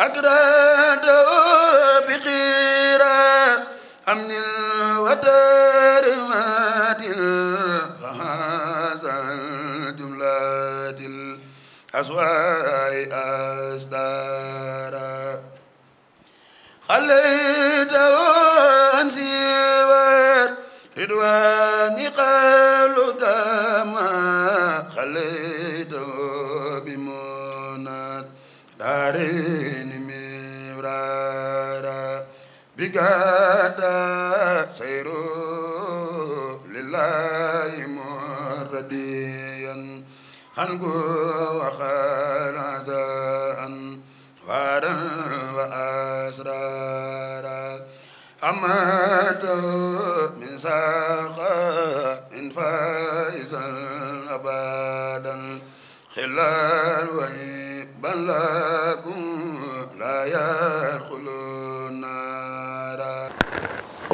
أكرهته بخيرا أمن الوتر مات فهذا الجملة الأسواء أستارا خليته عن سوى رضوان قالوا كما خليته جادا سيرو لله مرديا هنقو وخال أن وارا وأسرارا أمات من ساقا إن فائزا أبدا خلال وإبا لكم لا يرخو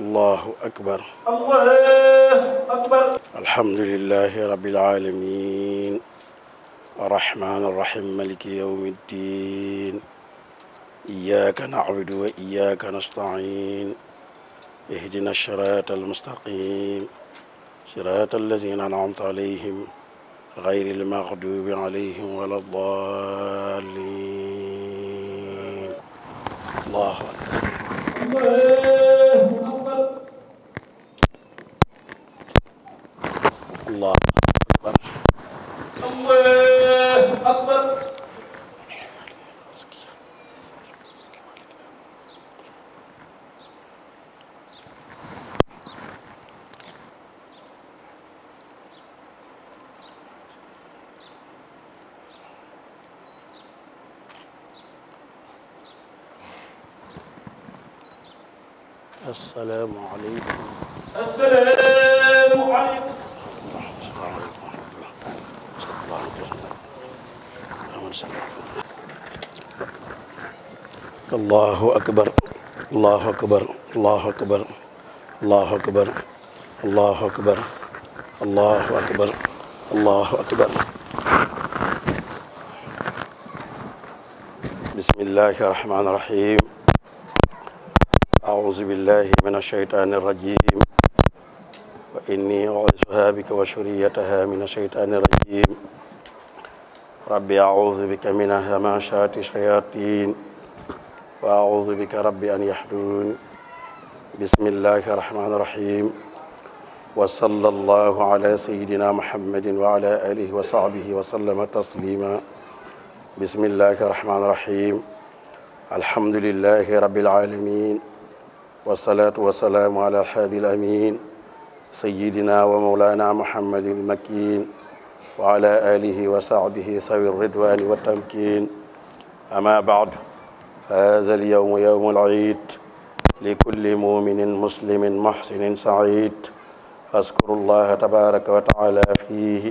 allahu akbar allahu akbar alhamdulilahi rabbil alamin arrahman arrahim maliki yawmi ddin iyyaka na'budu wa iyyaka nasta'in ihdina sirata almustaqim sirata allazina an'amta alayhim غير المغضوب عليهم ولا الضالين الله أكبر allah akbar allah akbar السلام عليكم السلام عليكم sallam allahu akbar allahu akbar allahu akbar allahu akbar allahu akbar allahu akbar allahu akbar bismillahi rahmaani rahim أعوذ بالله من الشيطان الرجيم وإني أعوذها بك وشريتها من الشيطان الرجيم rabbi audu bika min hamashati shayatin wa audu bika rabbi an yahdun bismillahi rahmani rahim wa sallallahu ala sayidina muhammadin wa ala alihi wa sahbihi wa sallama taslima bismillahi rahmani rahim alhamdulillahi rabbil alamin wasalaatu wasalaamu ala haadi al amin sayidina wa mawlana muhammadin al makin wa ala alihi wa sahbihi sawi ridwani wa tamkin ama baadu hada alyawmu yawmu al-iid li kulli muminin muslimin muhsinin said faskuru llaha tabaraka wa taala fihi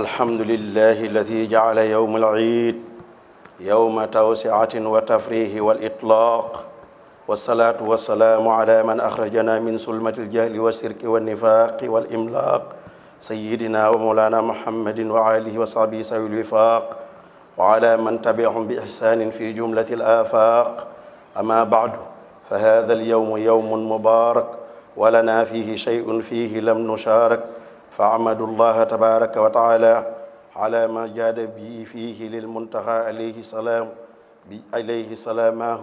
alhamdulillahi alladi jacala yawma al-iid yawma tawsiatin wa tafrihi wal itlaq والصلاة والسلام على من أخرجنا من سلمة الجهل والشرك والنفاق والإملاق سيدنا ومولانا محمد وآله وصحبه سوي الوفاق وعلى من تبعهم بإحسان في جملة الآفاق أما بعد فهذا اليوم يوم مبارك ولنا فيه شيء فيه لم نشارك فأحمدوا الله تبارك وتعالى على ما جاد به فيه للمنتهى عليه السلام عليه سلاماه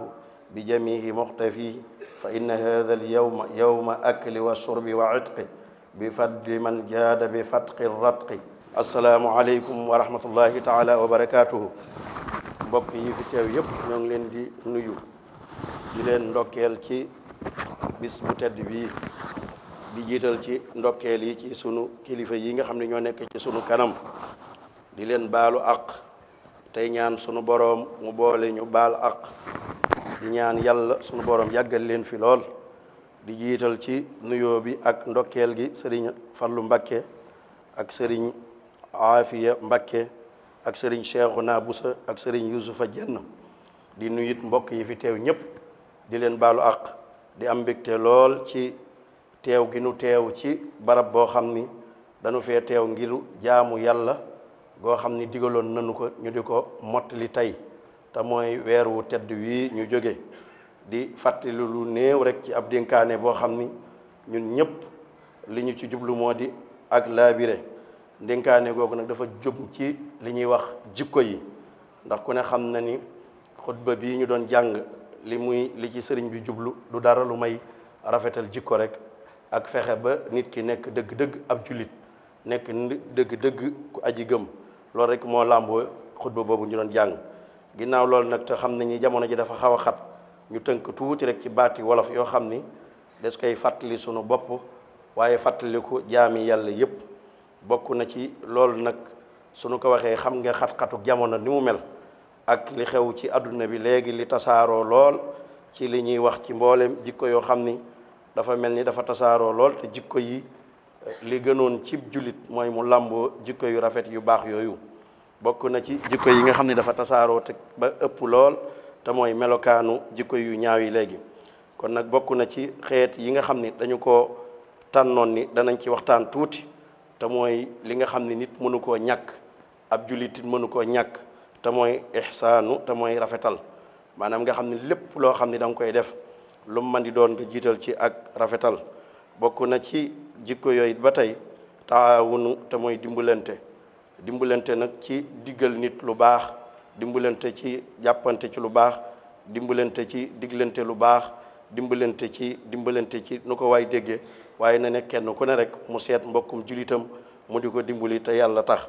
bi jamihi muxtafi fa inna hada alyawma yawma akli wa shurbi wa itqi bi fadli man jaada bi fatqi ratqi assalaamu aleykum wa rahmatullahi taala wa barakaatuhu mbokk yi fi teew yépp ñoo ngi leen di nuyu di leen ndokkeel ci bis bu tedd bii di jiital ci ndokkeel yi ci sunu kilifa yi nga xam ne ñoo nekk ci sunu kanam di leen baalu àq tey ñaan sunu borom mu boole ñu baal àq di ñaan yàlla sunu boroom yàggal leen fi lool di jiital ci nuyoo bi ak ndokkeel gi sëriñ Fallu Mbakke ak sëriñ Aafiya Mbakke ak sëriñ Cheikhouna Boussa ak sëriñ Yuusufa Jenn di nuyit mbokk yi fi teew ñëpp di leen baalu àq di am mbégte lool ci teew gi nu teew ci barab boo xam ni dañu fee teew ngir jaamu yàlla goo xam ni digaloon nanu ko ñu di ko mottali tey te mooy weer wu tedd wii ñu jóge di fàttali lu néew rek ci ab dénkaane boo xam ni ñun ñëpp li ñu ci jublu moo di ak laabire dénkaane googu nag dafa jub ci li ñuy wax jikko yi ndax ku ne xam na ni xutba bii ñu doon jàng li muy li ci sëriñ bi jublu lu dara lu may rafetal jikko rek ak fexe ba nit ki nekk dëgg-dëgg ab jullit nekk dëgg-dëgg ku aji gëm loolu rek moo làmboo xutba boobu ñu doon jàng ginnaaw loolu nag te xam nañu jamono ji dafa xaw a xat ñu tënk tuuti rek ci baati wolof yoo xam ni des koy fàttali sunu bopp waaye fàttaliku jaami yàlla yépp bokk na ci loolu nag sunu ko waxee xam nga xat-xatu jamono ni mu mel ak li xew ci àdduna bi léegi li tasaaroo lool ci li ñuy wax ci mbooleem jikko yoo xam ni dafa mel ni dafa tasaaroo lool te jikko yi eh, li gënoon ci jullit mooy mu làmboo jikko yu rafet yu baax yooyu bokk na ci jikko yi nga xam ne dafa tasaaroo te ba ëpp lool te mooy melokaanu jikko yu ñaaw yi léegi kon nag bokk na ci xeet yi nga xam ni dañu ko tànnoon ni danañ ci waxtaan tuuti te mooy li nga xam ni nit mënu koo ñàkk ab jullit mënu koo ñàkk te mooy ihsaanu te mooy rafetal maanaam nga xam ne lépp loo xam ne danga koy def lum mu mën di doon nga jiital ci ak rafetal bokk na ci jikko yooyu ba tey taawunu te mooy dimbalante dimbalante nag ci diggal nit lu baax dimbalante ci jàppante ci lu baax dimbalante ci diglante lu baax dimbalante ci dimbalante ci nu ko waay déggee waaye na ne kenn ku ne rek mu seet mbokkum julitam mu di ko dimbali te yàlla tax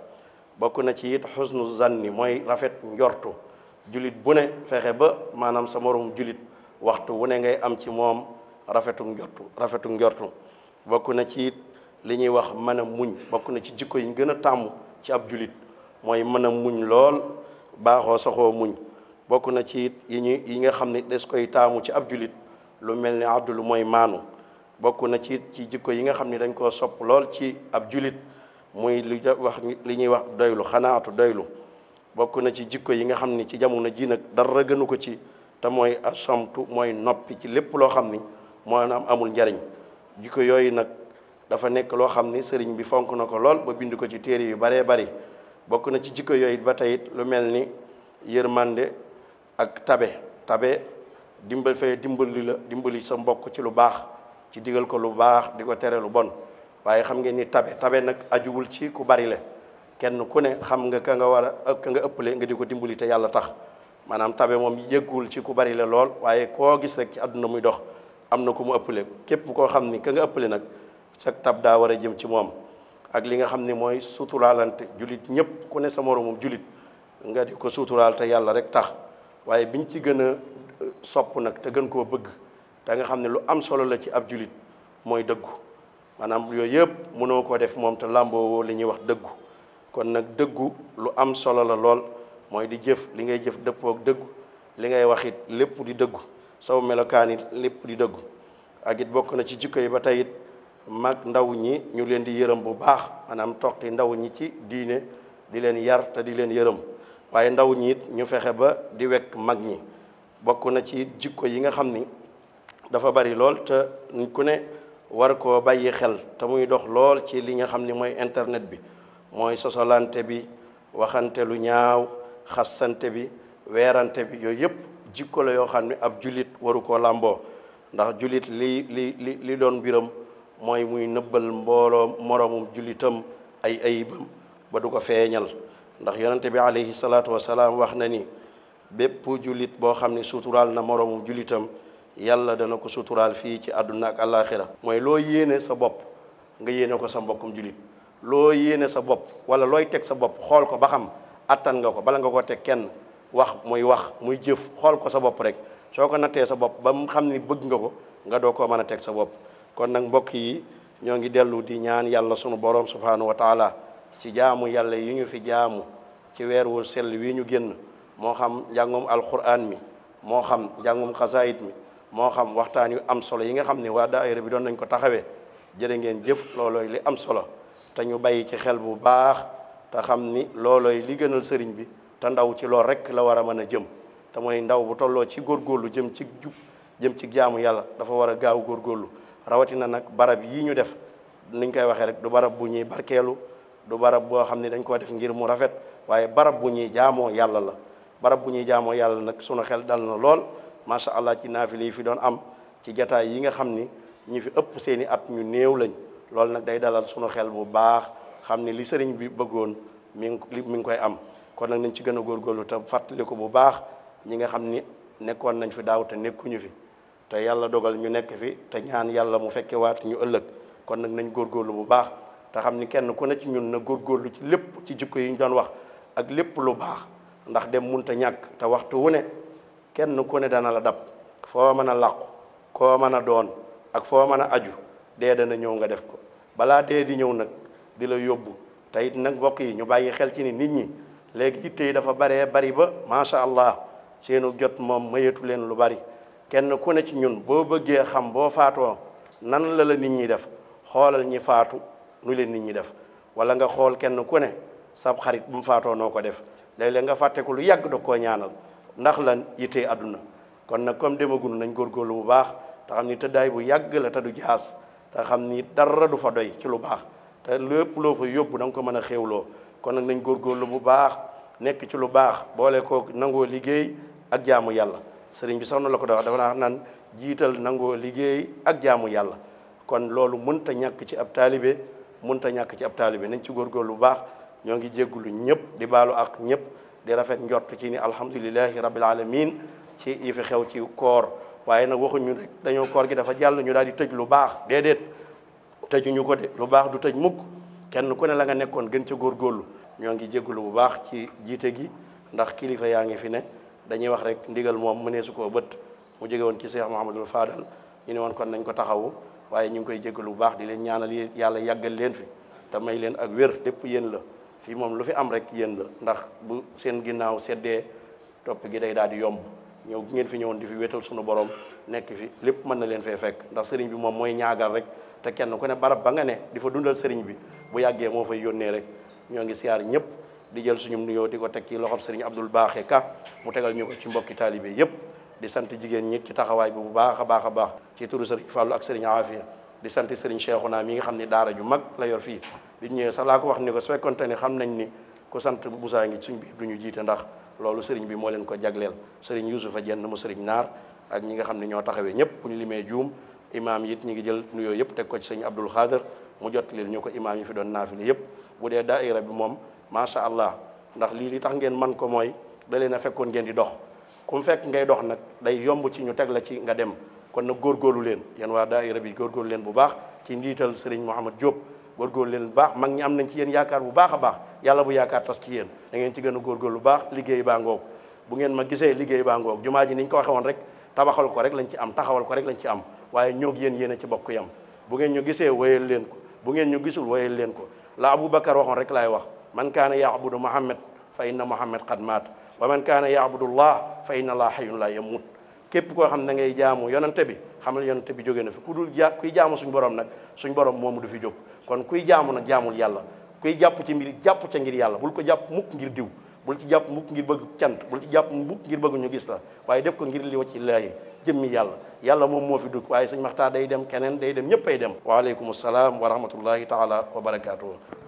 bokk na ci it xusnu zanni mooy rafet njortu julit bu ne fexe ba maanaam sa moroom julit waxtu wu ne ngay am ci moom rafetu njortu rafetu njortu bokk na ci it li ñuy wax mën a muñ bokk na ci jikko yi ñu gën a tàmm ci ab julit mooy mën a muñ lool baaxoo saxoo muñ bokk na ci it yi ñu yi nga xam ne des koy taamu ci ab julit lu mel ni abdul mooy maanu bokk na ci it ci jikko yi nga xam ni dañ koo sopp lool ci ab julit mooy lu wax li ñuy wax doylu xanaatu doylu bokk na ci jikko yi nga xam ni ci jamono ji nag dara gënu ko ci te mooy a asomtu mooy noppi ci lépp loo xam ni moo am amul njariñ jikko yooyu nag dafa nekk loo xam ni sëriñ bi fonk na ko lool ba bind ko ci téere yu baree bari bokk na ci jikko yooyu ba tey lu mel ni yërmande ak tabe tabe dimbal fay dimbali la dimbali sa mbokk ci lu baax ci digal ko lu baax di ko tere lu bon waaye xam ngeen ni tabe tabe nag ajuwul ci ku bari la kenn ku ne xam nga ka nga war a ka nga ëppale nga di ko dimbali te yàlla tax maanaam tabe moom yëggul ci ku bari la lool waaye koo gis rek ci àdduna muy dox am na ku mu ëpp le képp koo xam ni ka nga ëppale nag sag tab daa war a jëm ci moom ak li nga xam ni mooy suturaalante julit ñëpp ku ne sa moromum julit nga di ko suturaal te yàlla rek tax waaye biñ ci gën a euh, sopp nag te gën koo bëgg te nga xam ne lu am solo la ci ab julit mooy dëggu maanaam yooyu yëpp mënoo koo def moom te làmboowoo li ñuy wax dëggu kon nag dëggu lu am solo la lool mooy di jëf li ngay jëf dëppook dëggu li ngay wax it lépp di dëggu saw melokaan it lépp di dëggu ak it bokk na ci jikko yi ba tey mag ndaw ñi ñu leen di yërëm bu baax maanaam toqi ndaw ñi ci diine di leen yar te di leen yërëm waaye ndaw ñiit ñu fexe ba di wekk mag ñi bokk na ci jikko yi nga xam ni dafa bari lool te ku ne war koo bàyyi xel te muy dox lool ci li nga xam ni mooy internet bi mooy sosolante bi waxante lu ñaaw xassante bi weerante bi yooyu yëpp jikko la yoo xam ni ab jullit waru koo làmboo ndax jullit li li li li doon biram mooy muy nëbbal mbooloo moroomum jullitam ay ayibam ba du ko feeñal ndax yonente bi aleyhi salaatu wasalaam wax na ni bépp jullit boo xam ne suturaal na moroomum jullitam yàlla dana ko suturaal fii ci àdduna ak àllaaxira mooy loo yéene sa bopp nga yéene ko sa mbokkum jullit loo yéene sa bopp wala looy teg sa bopp xool ko ba xam attan nga ko bala nga ko teg kenn wax muy wax muy jëf xool ko sa bopp rek soo ko nattee sa bopp ba mu xam ni bëgg nga ko nga doo koo mën a teg sa bopp kon nag mbokk yi ñoo ngi dellu di ñaan yàlla sunu borom subhanahu wa taala ci jaamu yàlla yi ñu fi jaamu ci weer wu sell wii ñu génn moo xam njàngum alquran mi moo xam njàngum xasaayit mi moo xam waxtaan yu am solo yi nga xam ne waa daayira bi doon nañ ko taxawee jërë ngeen jëf loolooy li am solo te ñu bàyyi ci xel bu baax te xam ni loolooy li gënal sëriñ bi te ndaw ci lool rek la war a mën a jëm te mooy ndaw bu tolloo ci góorgóorlu jëm ci jub jëm ci jaamu yàlla dafa war a gaaw góorgóorlu rawatina nag barab yii ñu def nuñ koy waxee rek du barab bu ñuy barkeelu du barab boo xam ne dañ koo def ngir mu rafet waaye barab bu ñuy jaamoo yàlla la barab bu ñuy jaamoo yàlla nag sunu xel dal na lool macha allah ci naafile yi fi doon am ci jataay yi nga xam ni ñu fi ëpp seeni at ñu néew lañ loolu nag day dalal sunu xel bu baax xam ni li sëriñ bi bëggoon mi ngi mi ngi koy am kon nag nañ ci gën a góorlu te fàttali ko bu baax ñi nga xam ni nekkoon nañ fi daaw te nekkuñu fi te yàlla dogal ñu nekk fi te ñaan yàlla mu fekke waat ñu ëllëg kon nag nañ góorlu bu baax te xam ni kenn ku ne ci ñun góor góorlu ci lépp ci jikko yi ñu doon wax ak lépp lu baax ndax dem munta ñàkk te waxtu wu ne kenn ku ne dana la dab foo mën a làqu koo mën a doon ak foo mën a aju dee dana ñëw nga def ko balaa dee di ñëw nag di la yóbbu te it nag mbokk yi ñu bàyyi xel ci ni nit ñi léegi itte yi dafa baree bari ba macha allah seenu jot moom mayetu leen lu bari kenn ku ne ci ñun boo bëggee xam boo faatoo nan la la nit ñi def xoolal ñi faatu nu leen nit ñi def wala nga xool kenn ku ne sab xarit bu mu faatoo noo ko def léeg-léeg nga fàtte ko lu yàgg doo ko ñaanal ndax lan yittee àdduna kon nag comme demagunu nañ góorgóorlu bu baax te xam ni tëddaay bu yàgg la te du jaas te xam ni dara du fa doy ci lu baax te lépp loo fa yóbbu da nga ko mën a xéewloo kon nag nañ góorgóorlu bu baax nekk ci lu baax boole koo nangoo liggéey ak jaamu yàlla sëriñ bi sax noonu la ko wax dafa naa naan jiital nangoo liggéey ak jaamu yàlla kon loolu mënta ñàkk ci ab taalibe mënta ñàkk ci ab taalibe nañ ci góorgóorlu lu baax ñoo ngi jéggulu ñëpp di baalu ak ñëpp di rafet njort ci ni alhamdulilahi rabbil alamin ci yi fi xew ci koor waaye nag waxuñu rek dañoo koor gi dafa jàll ñu daal di tëj lu baax déedéet tëjuñu ko de lu baax du tëj mukk kenn ku ne la nga nekkoon gën ca góorgóorlu ñoo ngi jéggulu bu baax ci jiite gi ndax kilifa yaa ngi fi ne dañuy wax rek ndigal moom mënee su koo bët mu jóge woon ci Cheikh Mouhamadul Fadal ñu ne woon kon nañ ko taxawu waaye ñu ngi koy jéggalu lu baax di leen ñaanal yàlla yàggal leen fi te may leen ak wér lépp yéen la fii moom lu fi am rek yéen la ndax bu seen ginnaaw seddee topp gi day daal di yomb ñëw ngeen fi ñëwoon di fi wéetal sunu borom nekk fi lépp mën na leen fee fekk ndax sëriñ bi moom mooy ñaagal rek te kenn ku ne barab ba nga ne di fa dundal sëriñ bi bu yàggee moo fay yónnee rek ñoo ngi siyaar ñëpp di jël suñu nuyoo di ko teg ci loxob sëriñ Abdul Baaxe Ka mu tegal ñu ko ci mbokki taalibe yëpp di sant jigéen ñi ci taxawaay bi bu baax a baax a baax ci turu sëriñ Fàllu ak sëriñ Afia di sant sëriñ Cheikhouna mi nga xam ni daara ju mag la yor fii bi ñëwee laa ko wax ni ko su fekkonte ni xam nañ ni ku sant Busaa ngi suñ biir duñu jiite ndax loolu sëriñ bi moo leen ko jagleel sëriñ Yuusufa Jenn mu sëriñ Naar ak ñi nga xam ne ñoo taxawee ñëpp bu ñu limee juum imaam yit ñi ngi jël nuyoo yëpp teg ko ci sëriñ Abdul Xaadar mu jot leen ñu ko imaam yi fi doon naafile yëpp bu dee daa daaira bi moom macha allah ndax lii li tax ngeen man ko mooy da leen a fekkoon ngeen di dox ku mu fekk ngay dox nag day yomb ci ñu teg la ci nga dem kon nag góorgóorlu leen yéen waa daayira bi góorgóorlu leen bu baax ci njiital sëriñ Mouhamad Diop góorgóorlu leen bu baax mag ñi am nañ ci yéen yaakaar bu baax a baax yàlla bu yaakaar tas ci yéen da ngeen ci gën a góorgóorlu baax liggéey baa ngoog bu ngeen ma gisee liggéey baa ngoog jumaa ji ni ko waxe woon rek tabaxal ko rek lañ ci am taxawal ko rek lañ ci am waaye ñoog yéen yéen ci bokk yam bu ngeen ñu gisee wéyal leen ko bu ngeen ñu gisul wéyal leen ko la Aboubacar waxoon rek laay wax man kaana yaabudu muhammad fa inna muhammad qad maat wa man kaana yaabudu llah fa inna allah xayun la yamut képp koo xam ne da ngay jaamu yonante bi xam ne yonante bi jóge na fi ku dul kuy jaamu suñ borom nag suñ borom moomu du fi jóg kon kuy jaamu nag jaamul yàlla kuy jàpp ci mbir jàpp ca ngir yàlla bul ko jàpp mukk ngir diw bul ci jàpp mukk ngir bëgg cant bul ci jàpp mukk ngir bëgg ñu gis la waaye def ko ngir li wacci laayi jëmmi yàlla yàlla moom moo fi dugg waaye suñ maxtaa day dem keneen day dem ñëpp ay dem waaleykum salaam wa rahmatullahi taala wa barakaatu.